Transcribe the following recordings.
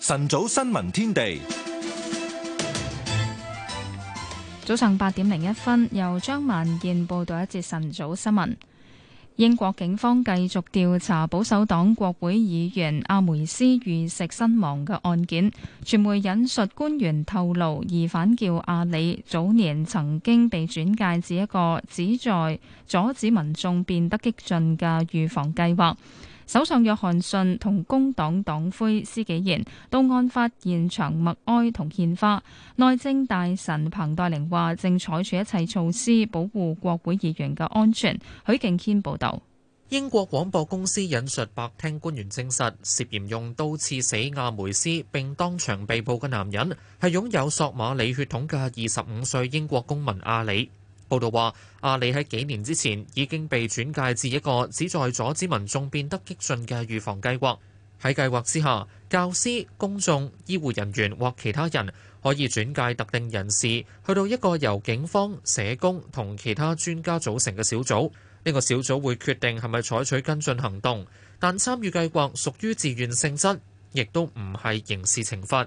晨早新聞天地，早上八點零一分，由張萬健報道一節晨早新聞。英國警方繼續調查保守黨國會議員阿梅斯遇刺身亡嘅案件。傳媒引述官員透露，疑犯叫阿里，早年曾經被轉介至一個旨在阻止民眾變得激進嘅預防計劃。首相約翰遜同工黨黨魁施紀賢到案發現場默哀同獻花。內政大臣彭黛玲話正採取一切措施保護國會議員嘅安全。許敬軒報道。英國廣播公司引述白廳官員證實，涉嫌用刀刺死亞梅斯並當場被捕嘅男人係擁有索馬里血統嘅二十五歲英國公民阿里。報道話，阿里喺幾年之前已經被轉介至一個旨在阻止民眾變得激進嘅預防計劃。喺計劃之下，教師、公眾、醫護人員或其他人可以轉介特定人士去到一個由警方、社工同其他專家組成嘅小組。呢個小組會決定係咪採取跟進行動。但參與計劃屬於自願性質，亦都唔係刑事懲罰。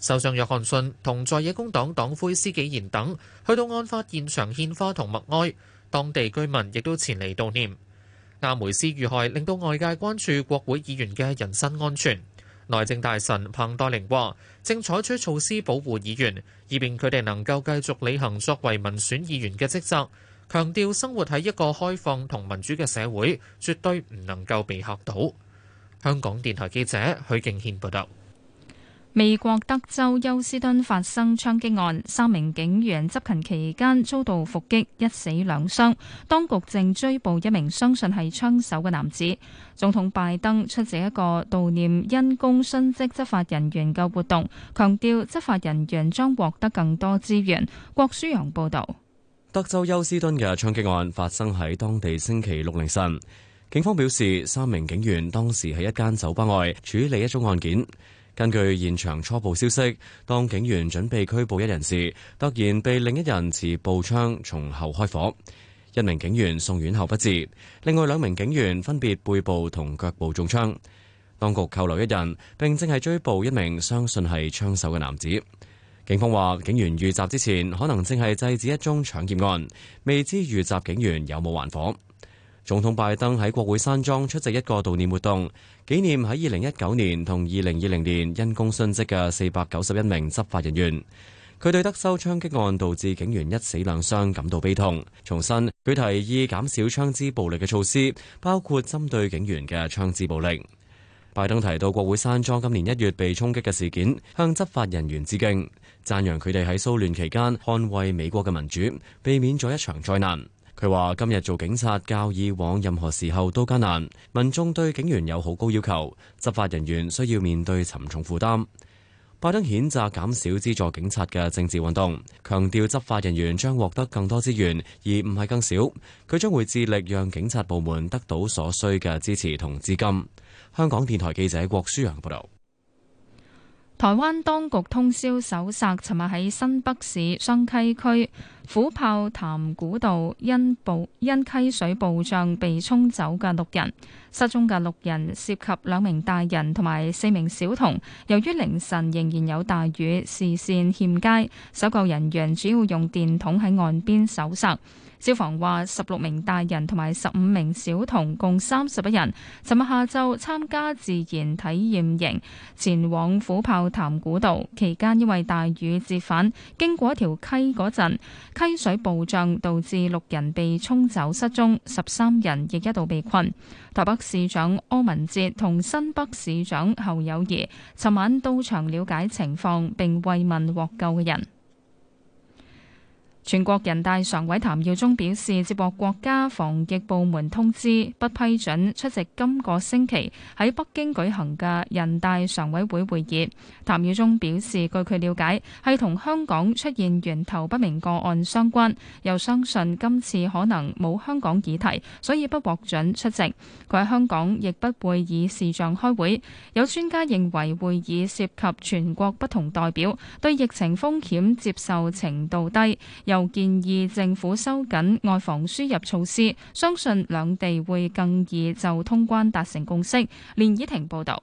首相約翰遜同在野工黨黨魁施紀賢等去到案發現場獻花同默哀，當地居民亦都前嚟悼念。亞梅斯遇害令到外界關注國會議員嘅人身安全。內政大臣彭黛玲話：正採取措施保護議員，以便佢哋能夠繼續履行作為民選議員嘅職責。強調生活喺一個開放同民主嘅社會，絕對唔能夠被嚇倒。香港電台記者許敬軒報道。美國德州休斯敦發生槍擊案，三名警員執勤期間遭到伏擊，一死兩傷。當局正追捕一名相信係槍手嘅男子。總統拜登出席一個悼念因公殉職執法人員嘅活動，強調執法人員將獲得更多資源。郭舒陽報道。德州休斯敦嘅槍擊案發生喺當地星期六凌晨，警方表示三名警員當時喺一間酒吧外處理一宗案件。根據現場初步消息，當警員準備拘捕一人時，突然被另一人持步槍從後開火，一名警員送院後不治，另外兩名警員分別背部同腳部中槍。當局扣留一人，並正係追捕一名相信係槍手嘅男子。警方話，警員遇襲之前可能正係制止一宗搶劫案，未知遇襲警員有冇還火。總統拜登喺國會山莊出席一個悼念活動，紀念喺二零一九年同二零二零年因公殉職嘅四百九十一名執法人員。佢對德州槍擊案導致警員一死兩傷感到悲痛，重申佢提議減少槍支暴力嘅措施，包括針對警員嘅槍支暴力。拜登提到國會山莊今年一月被衝擊嘅事件，向執法人員致敬，讚揚佢哋喺騷亂期間捍衛美國嘅民主，避免咗一場災難。佢話今日做警察較以往任何時候都艱難，民眾對警員有好高要求，執法人員需要面對沉重負擔。拜登譴責減少資助警察嘅政治運動，強調執法人員將獲得更多資源，而唔係更少。佢將會致力讓警察部門得到所需嘅支持同資金。香港電台記者郭舒揚報道。台灣當局通宵搜索，尋日喺新北市雙溪區虎豹潭古道因暴因溪水暴漲被沖走嘅六人，失蹤嘅六人涉及兩名大人同埋四名小童。由於凌晨仍然有大雨，視線欠佳，搜救人員主要用電筒喺岸邊搜索。消防話，十六名大人同埋十五名小童共三十一人，尋日下晝參加自然體驗營，前往虎豹潭古道。期間因為大雨折返，經過一條溪嗰陣，溪水暴漲，導致六人被沖走失蹤，十三人亦一度被困。台北市長柯文哲同新北市長侯友宜尋晚到場了解情況並慰問獲救嘅人。全國人大常委譚耀宗表示，接獲國家防疫部門通知，不批准出席今個星期喺北京舉行嘅人大常委會會議。譚耀宗表示，據佢了解，係同香港出現源頭不明個案相關，又相信今次可能冇香港議題，所以不獲准出席。佢喺香港亦不會以視像開會。有專家認為，會議涉及全國不同代表，對疫情風險接受程度低，又，又建議政府收緊外防輸入措施，相信兩地會更易就通關達成共識。連倚婷報導，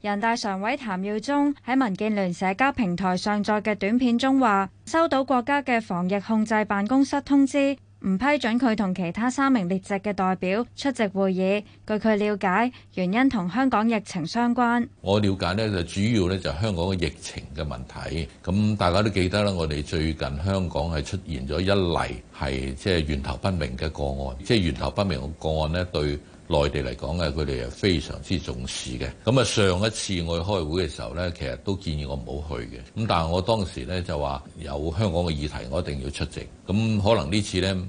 人大常委譚耀宗喺民建聯社交平台上載嘅短片中話：收到國家嘅防疫控制辦公室通知。唔批准佢同其他三名列席嘅代表出席會議。據佢了解，原因同香港疫情相關。我了解呢就主要呢就香港嘅疫情嘅問題，咁大家都記得啦，我哋最近香港係出現咗一例係即係源頭不明嘅個案，即係源頭不明嘅個案呢對。內地嚟講咧，佢哋係非常之重視嘅。咁啊，上一次我去開會嘅時候咧，其實都建議我唔好去嘅。咁但係我當時咧就話有香港嘅議題，我一定要出席。咁可能呢次咧誒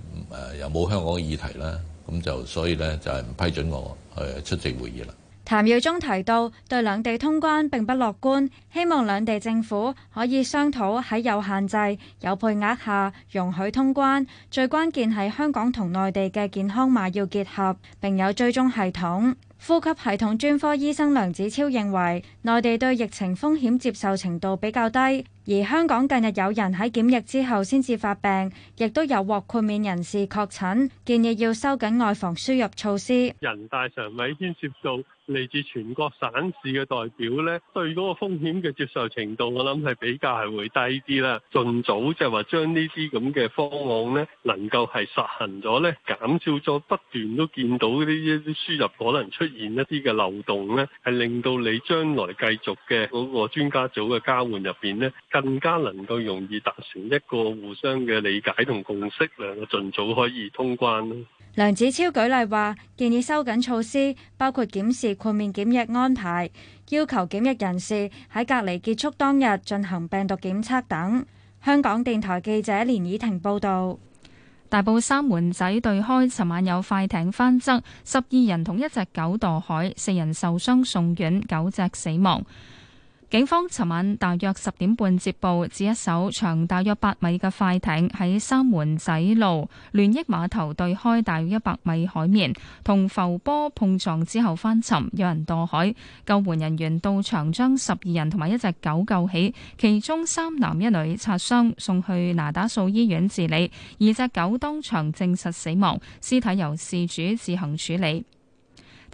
又冇香港嘅議題啦。咁就所以咧就係唔批准我誒出席會議啦。譚耀宗提到對兩地通關並不樂觀，希望兩地政府可以商討喺有限制，有配額下容許通關，最關鍵係香港同內地嘅健康碼要結合，並有追蹤系統。呼吸系統專科醫生梁子超認為，內地對疫情風險接受程度比較低，而香港近日有人喺檢疫之後先至發病，亦都有獲豁免人士確診，建議要收緊外防輸入措施。人大常委牽涉到。嚟自全國省市嘅代表咧，對嗰個風險嘅接受程度，我諗係比較係會低啲啦。盡早就話將呢啲咁嘅方案呢，能夠係實行咗咧，減少咗不斷都見到呢一啲輸入可能出現一啲嘅漏洞咧，係令到你將來繼續嘅嗰個專家組嘅交換入邊呢，更加能夠容易達成一個互相嘅理解同共識，兩個盡早可以通關。梁子超舉例話，建議收緊措施，包括檢視。豁免檢疫安排，要求檢疫人士喺隔離結束當日進行病毒檢測等。香港電台記者連以婷報道：大埔三門仔對開，尋晚有快艇翻側，十二人同一隻狗墮海，四人受傷送院，九隻死亡。警方尋晚大約十點半接報，指一艘長大約八米嘅快艇喺三門仔路聯益碼頭對開大約一百米海面同浮波碰撞之後翻沉，有人墮海。救援人員到場將十二人同埋一隻狗救起，其中三男一女擦傷，送去那打素醫院治理；二隻狗當場證實死亡，屍體由事主自行處理。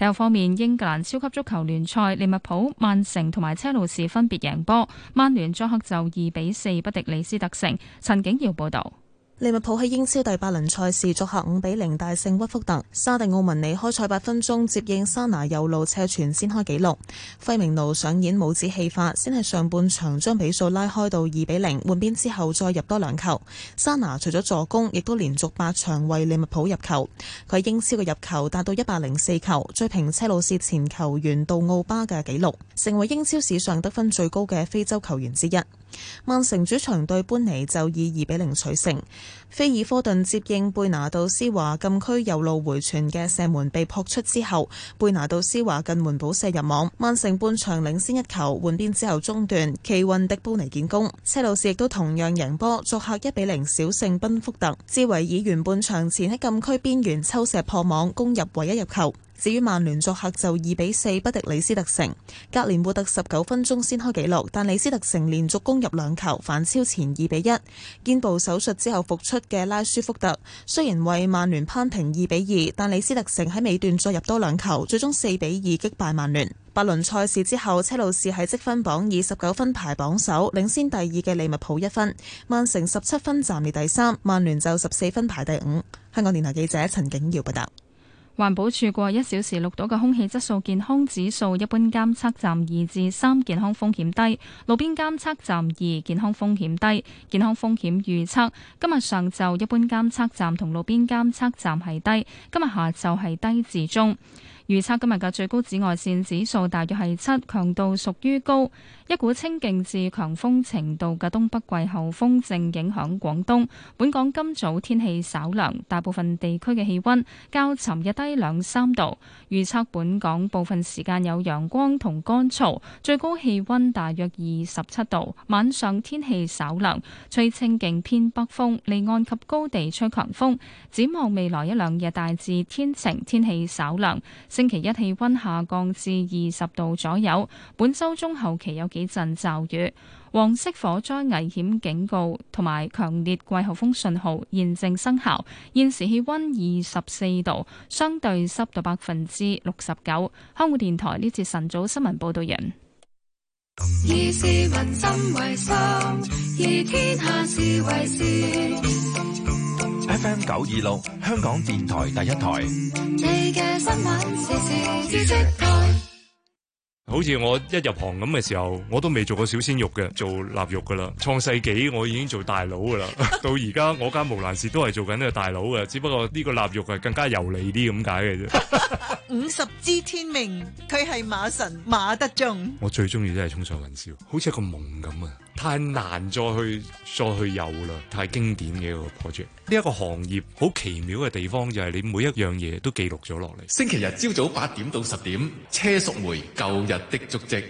體育方面，英格蘭超級足球聯賽，利物浦、曼城同埋車路士分別贏波。曼聯作客就二比四不敵李斯特城。陳景耀報道。利物浦喺英超第八輪賽事作客五比零大勝屈福特。沙地奧文尼開賽八分鐘接應沙拿右路斜傳先開紀錄，費明奴上演帽子戲法，先係上半場將比數拉開到二比零。換邊之後再入多兩球。沙拿除咗助攻，亦都連續八場為利物浦入球。佢喺英超嘅入球達到一百零四球，追平車路士前球員杜奧巴嘅紀錄，成為英超史上得分最高嘅非洲球員之一。曼城主場對班尼就以二比零取勝。菲爾科頓接應貝拿杜斯華禁區右路回傳嘅射門被撲出之後，貝拿杜斯華近門補射入網，曼城半場領先一球。換邊之後中斷，奇雲迪布尼建功，車路士亦都同樣贏波，作客一比零小勝賓福特。茲維爾完半場前喺禁區邊緣抽射破網，攻入唯一入球。至於曼聯作客就二比四不敵李斯特城，格連活特十九分鐘先開紀錄，但李斯特城連續攻入兩球反超前二比一。肩部手術之後復出嘅拉舒福特雖然為曼聯扳平二比二，但李斯特城喺尾段再入多兩球，最終四比二擊敗曼聯。八輪賽事之後，車路士喺積分榜以十九分排榜首，領先第二嘅利物浦一分。曼城十七分暫列第三，曼聯就十四分排第五。香港電台記者陳景耀報道。環保署過一小時錄到嘅空氣質素健康指數，一般監測站二至三，健康風險低；路邊監測站二，健康風險低。健康風險預測：今日上晝一般監測站同路邊監測站係低，今日下晝係低至中。預測今日嘅最高紫外線指數大約係七，強度屬於高。一股清勁至強風程度嘅東北季候風正影響廣東。本港今早天氣稍涼，大部分地區嘅氣温較尋日低兩三度。預測本港部分時間有陽光同乾燥，最高氣温大約二十七度。晚上天氣稍涼，吹清勁偏北風，離岸及高地吹強風。展望未來一兩日大致天晴，天氣稍涼。星期一氣溫下降至二十度左右，本周中後期有幾陣驟雨。黃色火災危險警告同埋強烈季候風信號現正生效。現時氣溫二十四度，相對濕度百分之六十九。香港電台呢節晨早新聞報道人完。以是 FM 九二六，香港電台第一台。好似我一入行咁嘅時候，我都未做過小鮮肉嘅，做臘肉噶啦，創世紀我已經做大佬噶啦，到而 家我家無難事都係做緊呢個大佬嘅，只不過呢個臘肉係更加油膩啲咁解嘅啫。 五十知天命，佢係馬神馬德鐘，我最中意都係衝上雲霄，好似一個夢咁啊！太難再去再去有啦，太經典嘅個 project。呢、這、一個行業好奇妙嘅地方就係你每一樣嘢都記錄咗落嚟。星期日朝早八點到十點，車淑梅舊日的足跡。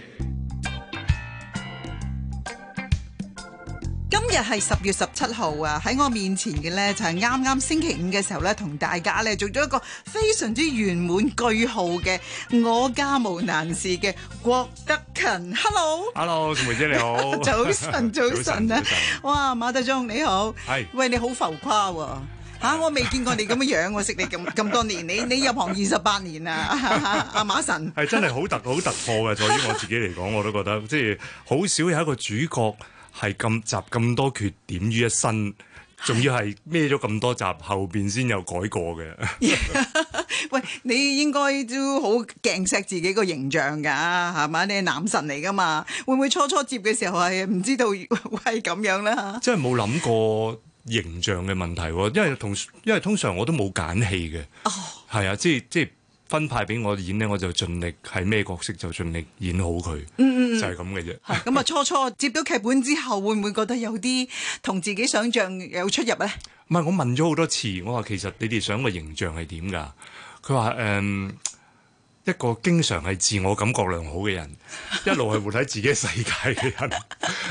今日係十月十七號啊！喺我面前嘅呢，就係啱啱星期五嘅時候呢，同大家呢做咗一個非常之圓滿句號嘅我家無難事嘅郭德勤。Hello，Hello，Hello，梅姐你好， 早晨，早晨啊！ 晨晨哇，馬德忠你好，係 Hey. 喂，你好浮誇喎、哦。嚇、啊！我未見過你咁嘅樣，我 識你咁咁多年，你你入行二十八年啦，阿、啊啊啊、馬神係真係好突好突破嘅。對於我自己嚟講，我都覺得即係好少有一個主角係咁集咁多缺點於一身，仲要係孭咗咁多集後邊先有改過嘅。 喂，你應該都好鏡錫自己個形象㗎，係嘛？你係男神嚟㗎嘛？會唔會初初接嘅時候係唔知道會係咁樣咧？嚇！真係冇諗過。形象嘅問題，因為同因為通常我都冇揀戲嘅，係啊、oh.，即即分派俾我演呢，我就盡力係咩角色就盡力演好佢，mm hmm. 就係咁嘅啫。咁啊，初初接到劇本之後，會唔會覺得有啲同自己想像有出入咧？唔係、嗯，我問咗好多次，我話其實你哋想個形象係點㗎？佢話誒。嗯一個經常係自我感覺良好嘅人， 一路係活喺自己世界嘅人，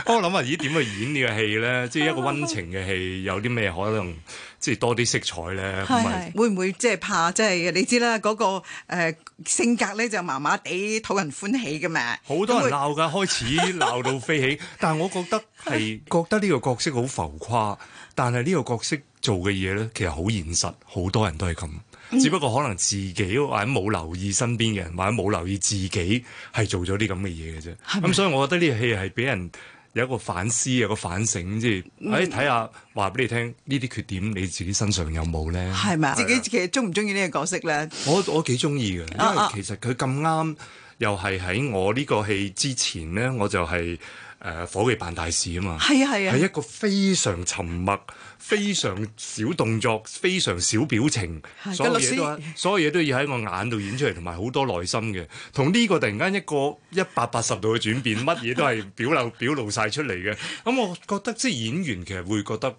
我諗啊，咦，啲點去演呢個戲咧？ 即係一個温情嘅戲，有啲咩可能？即係多啲色彩咧，唔係是會唔會即係怕即係、即係、你知啦嗰、嗰個、呃、性格咧就麻麻地討人歡喜嘅咩？好多人鬧㗎，會開始鬧到飛起。 但係我覺得係 覺得呢個角色好浮誇，但係呢個角色做嘅嘢咧其實好現實，好多人都係咁，只不過可能自己或者冇留意身邊嘅人，或者冇留意自己係做咗啲咁嘅嘢嘅啫。咁嗎所以我覺得呢個戲係俾人，有一個反思，有個反省即係，誒睇下話俾你聽，呢啲缺點你自己身上有冇咧？係咪吧啊？自己其實中唔中意呢個角色咧？我我幾中意嘅，因為其實佢咁啱，又係喺我呢個戲之前咧，我就係、是。誒夥、呃、計辦大事啊嘛，係啊係啊，係、啊、一個非常沉默、非常少動作、非常少表情， 的所有嘢都師所有嘢都要喺我眼度演出嚟，同埋好多內心嘅。同呢個突然間一個一百八十度嘅轉變，乜嘢都係表露 表露晒出嚟嘅。咁、嗯、我覺得即係演員其實會覺得。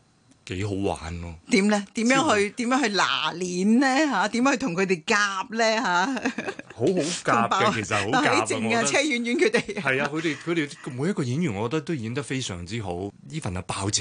幾好玩咯、哦！點咧？點樣去點樣去拿捏咧吓，點樣去同佢哋夾咧吓， 好好夾嘅，其實好夾，幾正啊，車婉婉佢哋。係啊，佢哋佢哋每一個演員我覺得都演得非常之好。呢份啊爆正。